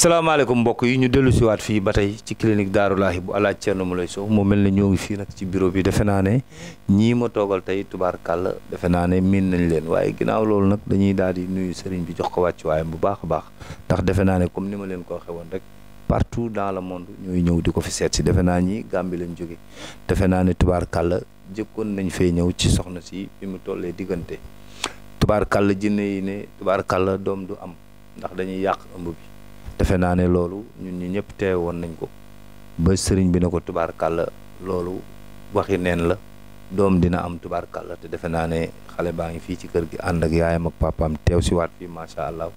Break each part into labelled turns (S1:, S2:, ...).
S1: salaamaaleykum mbokk yi ñu dellu si waat fii ba tey ci clinique Daaru Laahi bu Alaaji Cerno lay Sow moo mel na ñoo ngi fii nag ci bureau bi defe naa ne ñii ma toogal tey tubaarkàlla defe naa ne miin nañ leen waaye ginnaaw loolu nag dañuy daal nuyu sëriñ bi jox ko wàcc waayam bu baax a baax ndax defe naa ne comme ni ma leen ko waxee woon rek partout dans le monde ñooy ñëw di ko fi seet si defe naa ñi Gàmbi lañ jóge defe naa ne tubaar tubaarkàlla jëkkoon nañ fee ñëw ci soxna si bi mu tollee diggante tubaar tubaarkàlla jinne yi ne kàll doom du am ndax dañuy yàq ëmb bi defe naa ne loolu ñun ñi ñëpp woon nañ ko ba sëriñ bi ne ko tubaar tubaarkàlla loolu waxi neen la doom dina am tubaarkàlla te defe naa ne xale baa ngi fii ci kër gi ànd ak yaayam ak papaam teew si waat fii macha allah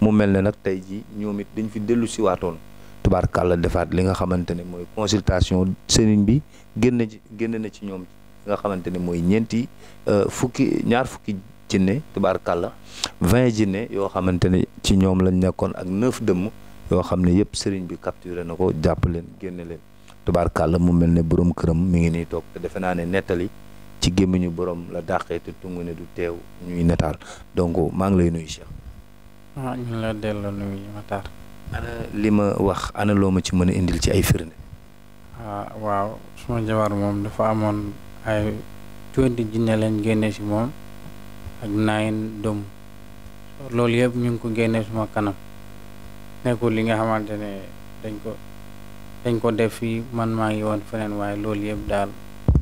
S1: mu mel ne nag tey ji ñoom it dañ fi dellu si waatoon tubaarkàlla defaat li nga xamante ne mooy consultation sëriñ bi génn ci génn na ci ñoom nga xamante ne mooy ñeenti euh, fukki ñaar fukki jinne tubaarkàlla vingt jinne yoo xamante ne ci ñoom lañ nekkoon ak neuf dëmm yoo xam ne yëpp sëriñ bi capturé na ko jàpp leen génne leen tubaarkàlla mu mel ne borom këram mi ngi nii toog te defe naa ne nettali ci gémmiñu boroom la dàqee te tungu ne du teew ñuy netaal donc maa ngi lay nuyu Cheikh.
S2: waaw ah, ñu la delloo nuyu Matar.
S1: ana li ma wax ana loo ma ci mën a indil ci ay firnde.
S2: Ah, waaw suma jabar moom dafa amoon ay tuuti jinne leen génne si moom ak naayin doom loolu yëpp ñu ngi ko génne suma kanam. nekkul li nga xamante ne dañ ko dañ ko def fii man maa ngi woon feneen waaye loolu yëpp daal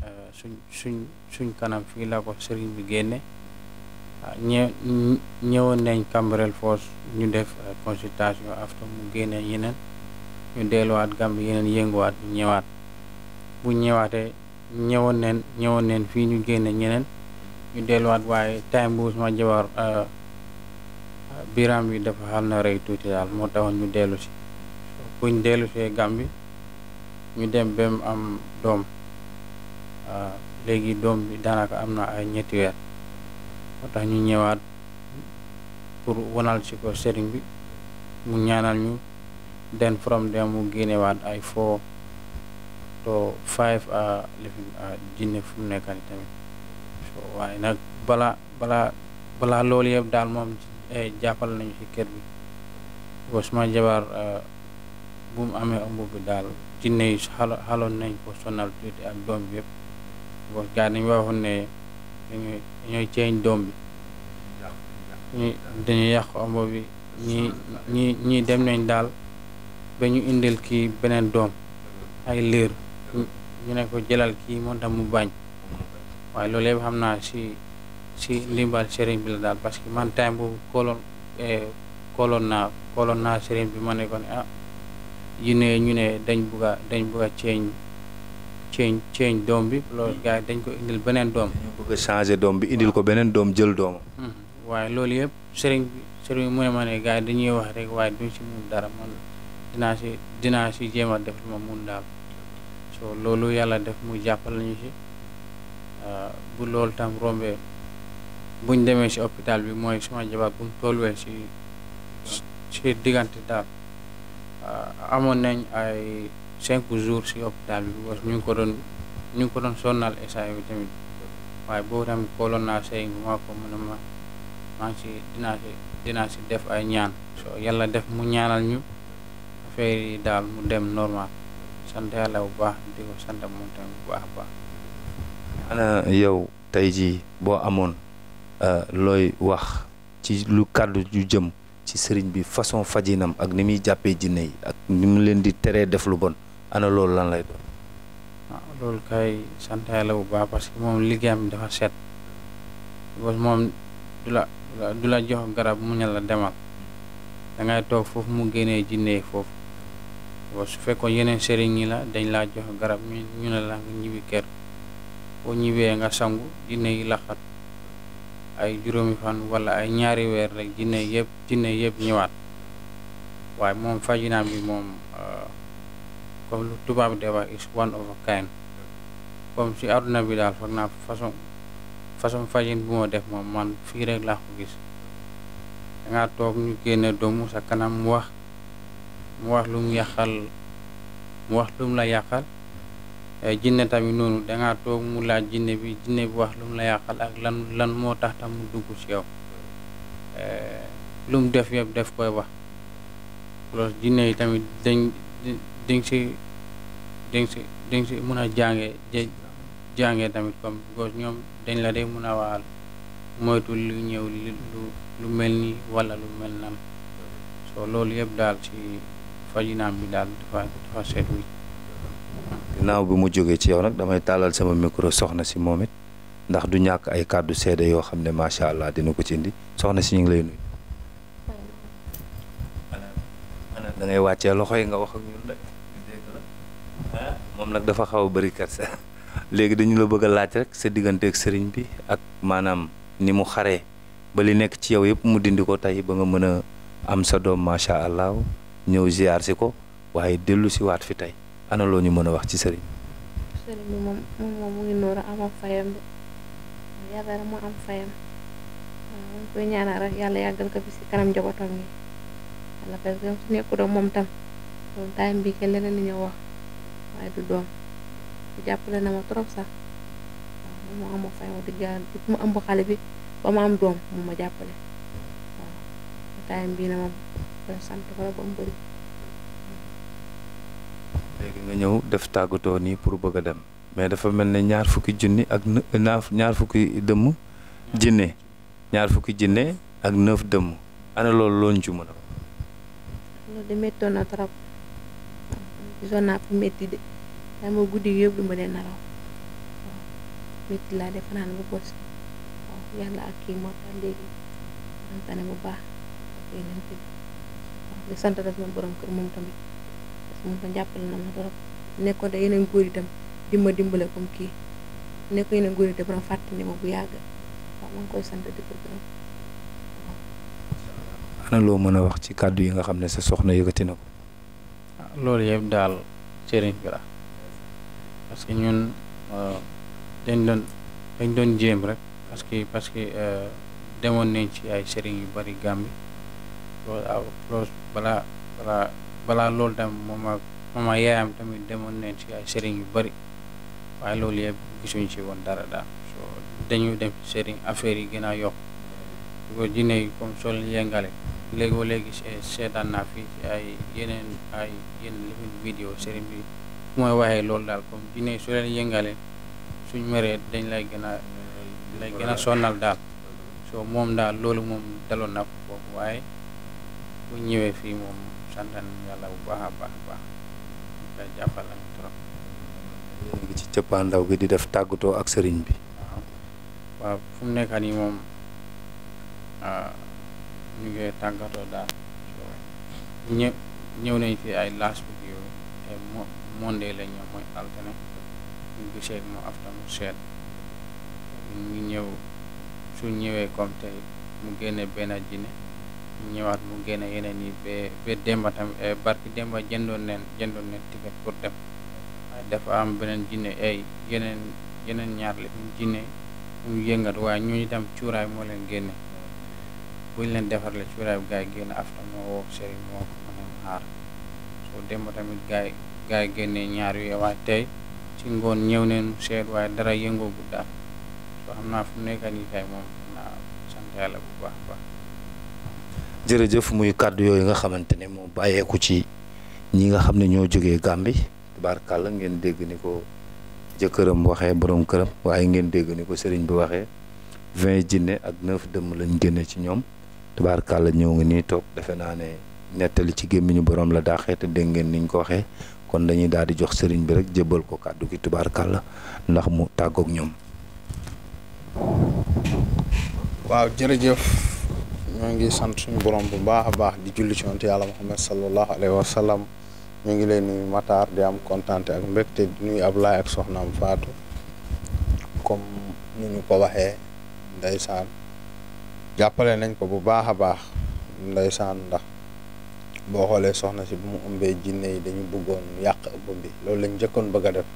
S2: euh, suñ suñ suñ kanam fii laa ko sëriñ bi génne ah, ñë ñëwoon nañ Cambérène ñu def euh, consultation after mu génne yeneen ñu delluwaat Gambie yeneen yënguwaat ñu ñëwaat bu ñëwaatee ñëwoon neen ñëwoon neen fii ñu génne ñeneen ñu delluwaat waaye time bu suma jabar euh, biram bi dafa xal na rëy tuuti daal moo taxoon ñu dellu si buñ dellu see Gàmbi ñu dem ba am doom waaw ah, léegi doom bi daanaka am na ay ñetti weer moo tax ñu ñëwaat pour wonal si ko sëriñ bi mu ñaanal ñu den from dem mu génnewaat ay four to five a ah, ah, jinne fu mu nekk nii tamit waaye nag bala bala balaa loolu yëpp daal moom Eh, jàppal nañu ci kër bi ba suma jabar eh, bu mu amee ëmb bi daal ci yi xalo xaloon nañ ko sonal tuuti ak doom bi yëpp bon gars dañu ne dañuy dañooy ceeñ doom bi
S1: ñu dañu
S2: yàqu ëmb bi ñi ñi ñi dem nañ daal ba ñu indil kii beneen doom ay liir ñu ne ko jëlal kii moom tam mu bañ waaye loolu yëpp xam naa si si ndimbal sëriñ bi la daal parce que man time boobu kooloon eh, naa kooloon naa sëriñ bi ma ne ko ne ah yu ne ñu ne dañ bugg a dañ bugg a change change change doom bi loolu dañ ko indil beneen doom. dañoo
S1: bëgg changer doom bi indil ko beneen doom jël doom.
S2: Hmm, waaye loolu yëpp sëriñ bi sëriñ bi mu ne ma ne gars dañuy wax rek waaye duñ si mun dara man dinaa si dinaa si jéem a def lu ma mun daal so loolu yàlla def mu jàppal ñu si ah, bu loolu tam rombee. buñ demee ci hôpital bi mooy suma jabar bu tolluwee si si diggante daal ah, amoon nañ ay cinq jours si hôpital bi parce que ñu ngi ko doon ñu ngi ko doon sonnal essay bi tamit waaye boobu tamit kooloon bi maa ko mën a ma maa ngi si dinaa def ay ñaan def mu ñaanal ñu affaire yi daal mu dem normal sant yàlla bu baax di ko sant moom tamit bu baax a baax
S1: ana yow tey jii boo amoon Euh, looy wax ci lu kàddu ju jëm ci sëriñ bi façon fajinam ak ni muy jàppee jinne yi ak ni mu leen di tere def lu bon ana loolu lan lay doon.
S2: Ah, loolu kay sant yàlla bu baax parce que moom liggéeyam dafa set parce que la du garab mu ne la demal da ngay mu génnee jinne foofu bon su fekkoon yeneen sëriñ ñi la dañ laa jox garab ñu ñu ne la nga ñibbi kër boo ñibbee nga sangu jinne yi laxat ay juróomi fan wala ay ñaari weer rek jinne yëpp jinne yëpp ñëwaat waaye moom fajinaam bi moom euh, comme tubaab de wax is one si àdduna bi daal foog naa façon façon fajin bu ma def moom man fii rek laa ko gis danga toog ñu génne doomu sa kanam mu wax mu wax lu yàqal mu wax lu la yàqal Eh, jinne tamit noonu dangaa toog mu laa jinne bi jinne bi wax lu mu la yàqal ak lan lan moo tax tam mu dugg ci yow eh, lu mu def yëpp def koy wax loolu jinne yi tamit dañ dañ si dañ si dañ si mën a jànge jànge tamit comme gos ñoom dañ la dee mën a waal moytu lu ñëw lu lu mel ni walla lu mel nan so loolu yëpp daal ci fajinaam bi daal dafa dafa seet
S1: naaw bi mu jógee ci yow nag damay tàllal sama micro soxna si moom it ndax du ñàkk ay kàddu seede yoo xam ne macha allah dina ko ci indi soxna si ñu ngi lay nuy dangay da wàccee loxo yi nga wax ak ñun la ah, moom nag dafa xaw a bëri kersa léegi dañu la bëgg a laaj rek sa diggante ak sëriñ bi ak maanaam ni mu xaree ba li nekk ci yow yëpp mu dindi ko tey ba nga mën a am sa doom macha allah ñëw ziar si ko waaye dellu si waat fi tey. ana loo ñu mën a wax ci sëriñ
S2: sëriñ bi moom moom mu ngi nooru amam fayam bi yàlla rek mu am fayam
S1: waaw mu koy ñaanal moom tam loolu time bi kenn leneen li ñu wax waaye du doom jàppale na ma trop sax waaw moom moo am fayam di gàll di mu ëmb xale bi ba mu am doom moom ma jàppale waaw time bii na moom sant ko ba mu bëri léegi nga ñëw def tàggatoo nii pour bëgg a dem mais dafa mel ne ñaar fukki junni ak ñaar fukki dëmm jinne ñaar fukki jinne ak neuf dëmm ana loolu loon ci mën a loolu de méttoon na trop gisoon naa fu métti de waaye guddi yëpp du ma bu bos yàlla ak kii moo tax bu baax ak yeneen di sant sama kër moom tamit sama ko jàppale na ma trop nekkoon da yeneen góor itam dimba dimbale comme kii nekk yeneen góor itam borom fàtte ne ma bu yàgg waaw maa koy sant di ko gërëm. ana loo mën a wax ci kàddu yi nga xam ne sa soxna yëkkati na ko.
S2: Ah, loolu yëpp daal sëriñ bi la parce que ñun euh, dañ doon dañ doon jéem rek parce que parce que euh, demoon nañ ci ay sëriñ yu bari Gàmbi ah, loolu balaa balaa. balaa loolu tamit moom ak moom ak yaayam tamit demoon neen ci ay sëriñ yu bari waaye loolu yëpp gisuñ ci woon dara daal so dañuy dem ci sëriñ affaire yi gën a yokk su ko jinne yi comme sol yengale léegoo léegi seetaan naa fii ay yeneen ay yeneen limit sëriñ bi mooy waxee loolu daal comme jinne yi leen yëngalee suñ meree dañ lay gën a gën a sonnal daal so moom daal loolu moom daloon na foofu waaye bu ñëwee fii moom sant baax a baax
S1: ngi ci cëppaandaw gi di def tàggatoo ak sëriñ bi waaw
S2: waaw fu mu nekk nii moom ah, ñu ngi tàggatoo daal ñëpp ñëw nañ fi ay laas bu yooyu mo monde la mooy altine ñu gisee mu afta mu seet ñu ñëw su ñëwee comme tey mu génne benn jinne ñëwaat mu génne yeneen yi ba ba demba tamit eh, barki démba jëndoon neen jëndoon neen ticket pour dem waaye dafa am beneen jinne ay eh, yeneen yeneen ñaar la ñu jinne ñu yëngat waaye ñooñu tam cuuraay moo leen génne buñ leen defar la cuuraay bu gars yi génne afta moo woo sëriñ moo ko mën a xaar soo démba tamit gars yi génne ñaar yu waaye tey ci ngoon ñëw neen seet waaye dara yëngoogu daal soo xam naa fu mu nii kay moom
S1: naa sant yàlla bu baax jërëjëf muy kàddu yooyu nga xamante ne moo bàyyeeku ci ñi nga xam ne ñoo jógee Gàmbi tubaarkàlla ngeen dégg ni ko jëkkëram waxee borom këram waaye ngeen dégg ni ko sëriñ bi waxee vingt jinne ak neuf dëmm lañ génne ci ñoom tubaar tubaarkàlla ñëw ngi nii toog defe naa ne nettali ci gémmiñu borom la daaxee te dégg ngeen niñ ko waxee kon dañuy daal di jox sëriñ bi rek jëbbal ko kàddu gi tubaarkàlla ndax mu tàggoog ñoom
S3: waaw ñoo ngi sant suñu borom bu baax a baax di julli ci yonent yàlla Muhammad sallallahu alayhi wa sallam ñu ngi lay nuyu Matar di am kontaante ak mbégte di ab Ablaye ak soxnaam Fatou kom nu ñu ko waxee ndeysaan jàppale nañ ko bu baax a baax ndeysaan ndax boo xoolee soxna si bu mu ëmbee jinne yi dañu buggoon yàq ëmb bi loolu lañ njëkkoon bëgg a def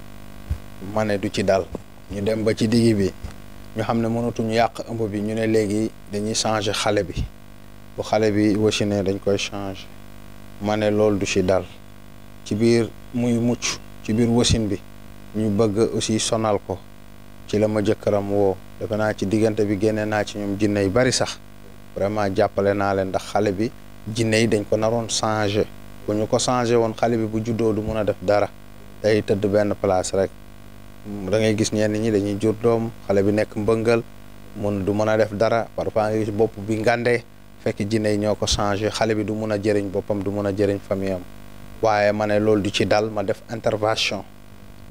S3: ma du ci dal ñu dem ba ci digg bi ñu xam ne mënatuñu yàq ëmb bi ñu ne léegi dañuy changer xale bi bu xale bi wachine dañ koy changer ma ne loolu du ci dal ci biir muy mucc ci biir wasin bi ñu bëgg aussi sonal ko ci la ma jëkkëram woo defe naa ci diggante bi génne naa ci ñoom jinne yu bari sax vraiment jàppale naa leen ndax xale bi jinne yi dañ ko naroon changer bu ñu ko changer woon xale bi bu juddoo du mun a def dara day tëdd benn place rek da ngay gis ñenn ñi dañuy jur doom xale bi nekk mbëngal mun du mën a def dara parfois nga gis bopp bi ngande fekk jinne yi ñoo ko changé xale bi du mun a jëriñ boppam du mun a jëriñ famille waaye ma ne loolu du ci dal ma def intervention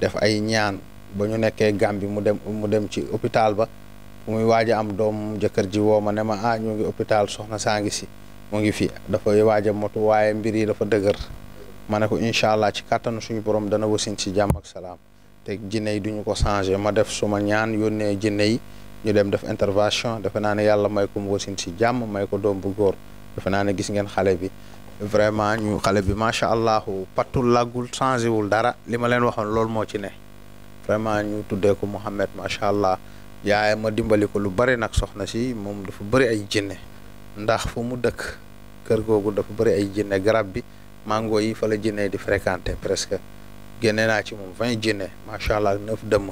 S3: def ay ñaan ba ñu nekkee Gàmbi mu dem mu dem ci hôpital ba muy waaj a am doom jëkkër ji woo ma ne ma ah ñu ngi hôpital soxna saa ngi si mu ngi fi dafay waaj a motu waaye mbir yi dafa dëgër ma ne ko incha allah ci kàttanu suñu borom dana wasin ci jàmm ak salaam. te jinne yi duñu ko changé ma def suma ñaan yónnee jinne yi ñu dem def intervention defe naa ne yàlla may ko mbosin si jàmm may ko doom bu góor defe naa ne gis ngeen xale bi vraiment ñu xale bi macha allah pattul laggul changé wul dara li ma leen waxoon loolu moo ci ne vraiment ñu tuddee ko Mouhamed macha allah yaayam ma dimbali ko lu bari nag soxna si moom dafa bëri ay jinne ndax foo mu dëkk kër googu dafa bëri ay jinne garab bi mango yi fa la jinne di fréquenté presque. génne naa ci moom vingt jinne macha allah ak neuf dëmm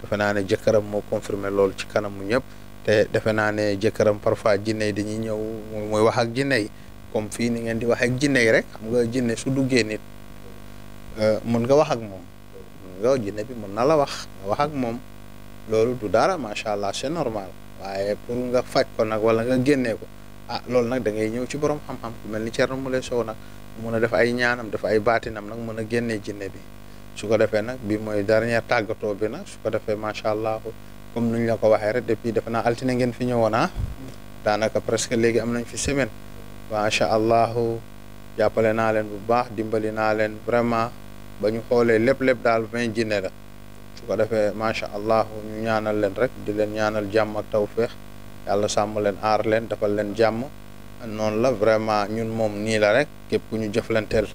S3: defe ne jëkkëram moo confirmé lool ci kanamu ñëpp te defe naa ne jëkkëram parfois jinne yi dañuy ñëw mooy wax ak jinne yi comme fii ni ngeen di wax ak jinne yi rek xam nga jinne su duggee nit euh, mun nga wax ak moom mën nga jinne bi mën na la wax nga wax ak moom loolu du dara macha allah c'est normal waaye pour nga faj ko nag wala nga génnee ko ah loolu nag da ngay ñëw ci borom xam-xam mel ni Thierno Moule Sow nag mun a def ay ñaanam def ay baatinam nag mën a génnee jinne bi su ko defee nag bi mooy dernier tàggatoo bi nag su ko defee macha allah comme nuñ la ko waxee rek depuis defe naa ngeen fi ñëwoon ah daanaka presque léegi am nañ fi semaine macha allah jàppale naa leen bu baax dimbali naa leen vraiment ba ñu xoolee lépp lépp daal vingt jinne la su ko defee macha allah ñu ñaanal leen rek di leen ñaanal jàmm ak tawféex yàlla sàmm leen aar leen defal leen jàmm noonu la vraiment ñun moom nii la rek képp ku ñu jëflanteel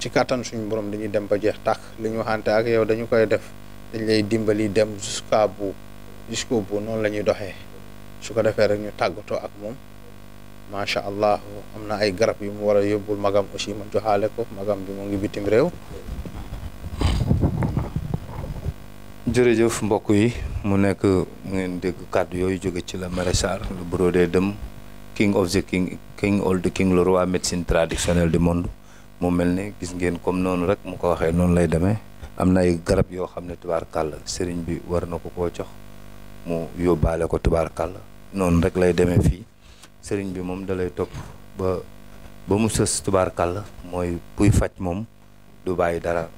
S3: ci kàttan suñu borom dañuy dem ba jeex tàkk li ñu waxante ak yow dañu koy def dañu lay dimbali dem jusqu'à bout jusqu'au bout noonu la ñuy doxee su ko defee rek ñu tàggatoo ak moom macha allah am na ay garab yu mu war yóbbul magam aussi ma joxaale ko magam bi mu ngi bitim réew.
S1: jërëjëf mbokk yi. mu nekk mu ngeen dégg kàddu yooyu jóge ci la maréchal le bureau des dëm king of the king king all the king le roi médecine traditionnelle du monde mu mel ne gis ngeen comme noonu rek mu ko waxee noonu lay demee am na ay garab yoo xam ne tubaarkàlla sëriñ bi war na ko ko jox mu yóbbaale ko tubaar tubaarkàlla noonu rek lay demee fii sëriñ bi moom dalay topp ba ba mu sës tubaar tubaarkàlla mooy buy faj moom du bàyyi dara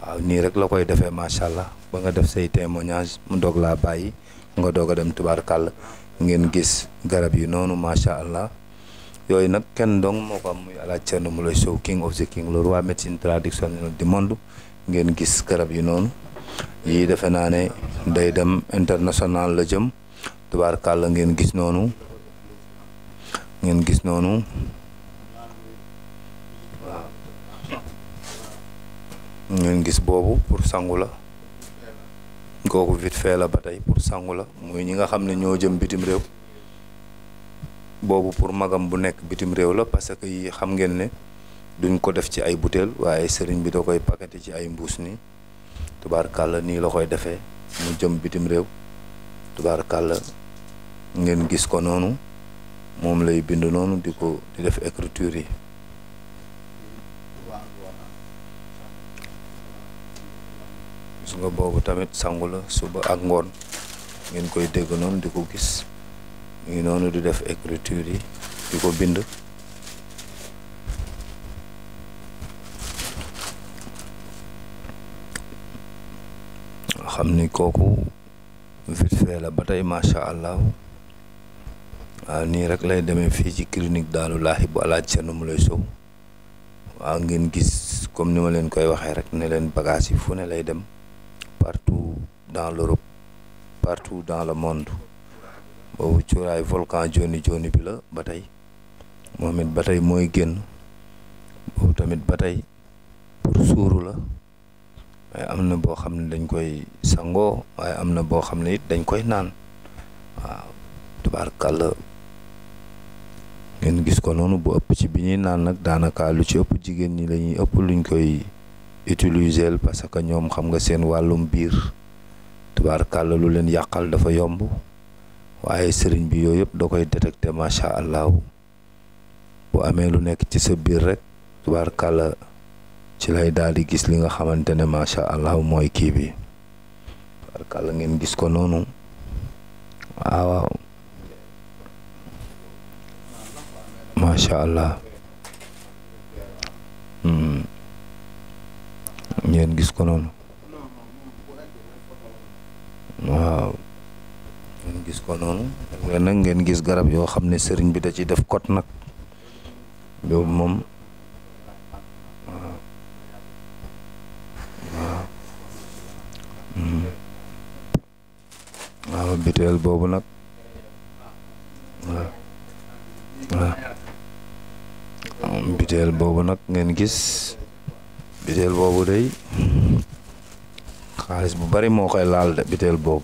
S1: waaw nii rek la koy defee macha allah. ba nga def say témoignage mu doog laa bàyyi nga doog a dem kàll ngeen gis garab yi noonu macha allah yooyu nag kenn dong moo ko am muy alaaj Thierno Moule Sow king of the king le roi médecine traditionnelle di monde ngeen gis garab yi noonu yii defe naa ne day dem international la jëm tubaar kàll ngeen gis noonu ngeen gis noonu ngeen gis boobu pour sangu la kooku vite fait la ba tey pour sangu la muy ñi nga xam ne ñoo jëm bitim réew boobu pour magam bu nekk bitim réew la parce que yi xam ngeen ne duñ ko def ci ay butéel waaye sëriñ bi da koy pakete ci ay mbuus tubaar kàll nii la koy defee mu jëm bitim réew tubaarkàlla ngeen gis ko noonu moom lay bind noonu di ko di def écriture yi nga boobu tamit sangu la suba ak ngoon ngeen koy dégg noonu di ko gis ngi noonu di def écriture yi di ko bind xam ni kooku vite fait la ba tey macha allah waaw nii rek lay demee fii ci clinique daalu laaxi bu alaaj seen mu lay sow waaw ngeen gis comme ni ma leen koy waxee rek ne leen bagage yi fu ne lay dem partout dans le l'Europe partout dans le monde boobu cuuraay volcan joni joni bi la ba tey moom it ba tey mooy génn boobu tamit ba tey pour suuru la waaye am na boo xam ne dañ koy sangoo waaye am na boo xam ne it dañ koy naan waaw tubaarkàlla ngeen gis ko noonu bu ëpp ci bi ñuy naan nag daanaka lu ci ëpp jigéen ñi lañuy ëpp luñ koy utiliser parce que ñoom xam nga seen wàllum biir tubaarkàlla lu leen yàqal dafa yomb waaye sëriñ bi yooyu yëpp da koy détecté macha allah bu amee lu nekk ci sa biir rek tubaarkàlla ci lay daal di gis li nga xamante ne macha allah mooy kii bi kàll ngeen gis ko noonu waaw waaw allah. ngeen gis ko noonu waaw ngeen gis ko noonu léegi ngeen gis garab yoo xam ne sëriñ bi da ci def kot nag boobu moom waaw waaw hmm. waaw biteel boobu nag waaw waaw biteel boobu nag ngeen gis biteel boobu day xaalis bu bari moo koy laal de biteel boobu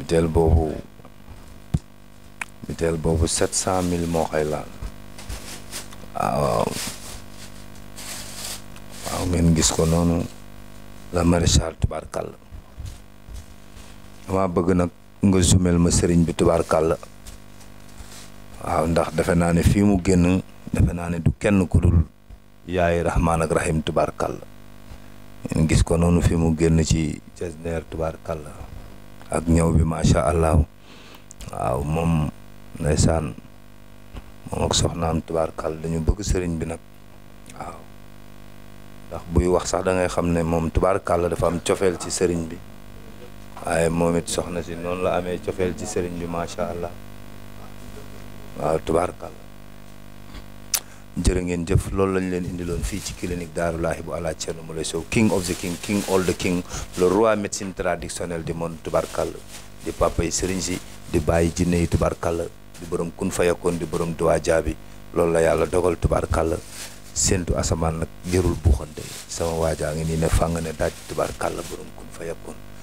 S1: biteel boobu biteel boobu sept mille moo koy laal waaw waaw ngeen gis ko noonu la maréchal tubaarkàll dama bëgg nag nga zoomel ma sëriñ bi tubaarkàll waaw ndax defe naa ne fii mu génn defe naa ne du kenn ku dul yaay rahmaan ak rahim tubaarkàll ngeen gis ko noonu fi mu génn ci jasneer tubaarkàll ak ñëw bi macha allah waaw moom ndeysaan moom ak soxnaam tubaarkàll dañu bëgg sëriñ bi nag waaw ndax buy wax sax dangay xam ne moom tubaarkàll dafa am cofeel ci sëriñ bi waaye moom it soxna si noonu la amee cofeel ci sëriñ bi macha allah waaw tubaarkàll jërë ngeen jëf loolu lañ leen indiloon fii ci clinique Daaru Laahi bu Alaaji Cerno Moule Sow king of the king king all the king le roi médecine traditionnelle di tubaar tubarkàll di papa yi sëriñ si di bàyyi jinne yi tubarkàll di borom kun fayakoon di borom duwaa jaabi loolu la yàlla dogal tubaar tubarkàll séentu asamaan nag jërul buuxante sama waajaa ngi nii ne fàng ne daaj tubarkàll borom kun fayakoon